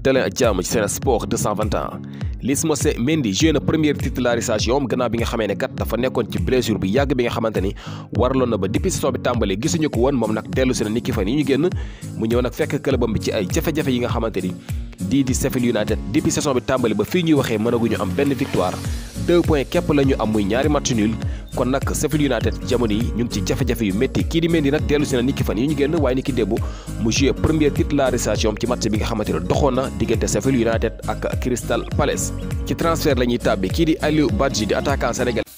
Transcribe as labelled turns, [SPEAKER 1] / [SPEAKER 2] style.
[SPEAKER 1] dalal ak jàmm ci Sen Sport 221 Lys Mousset Mendy joué na première titularisation am gannaaw bi nga xamee ne kat dafa nekkoon ci blessure bu yàgg bi nga xamante ni waraloon na ba depuis saison bi tàmbalee gisuñu ko woon moom nag dellu si na ni ki fan yi ñu génn mu ñëw nag fekk këlëbam bi ci ay jafe-jafe yi nga xamante ni dii di Sheffield United depuis saison bi tàmbali ba fii ñuy waxee mënaguñu am benn victoire deux points képp la ñu am muy ñaari match kon nag Sheffield United jamono yi ñu ngi ci jafe-jafe yu métti kii di Mendy nag dellu si na niki fan yi ñu génn waaye niki démb mu joué première titularisation ci match bi nga xamante ne doxoon na diggante Sheffield United ak Crystal Palace ci transfert la ñuy tàbbi kii di Aliou Badji di
[SPEAKER 2] attaquant Sénégal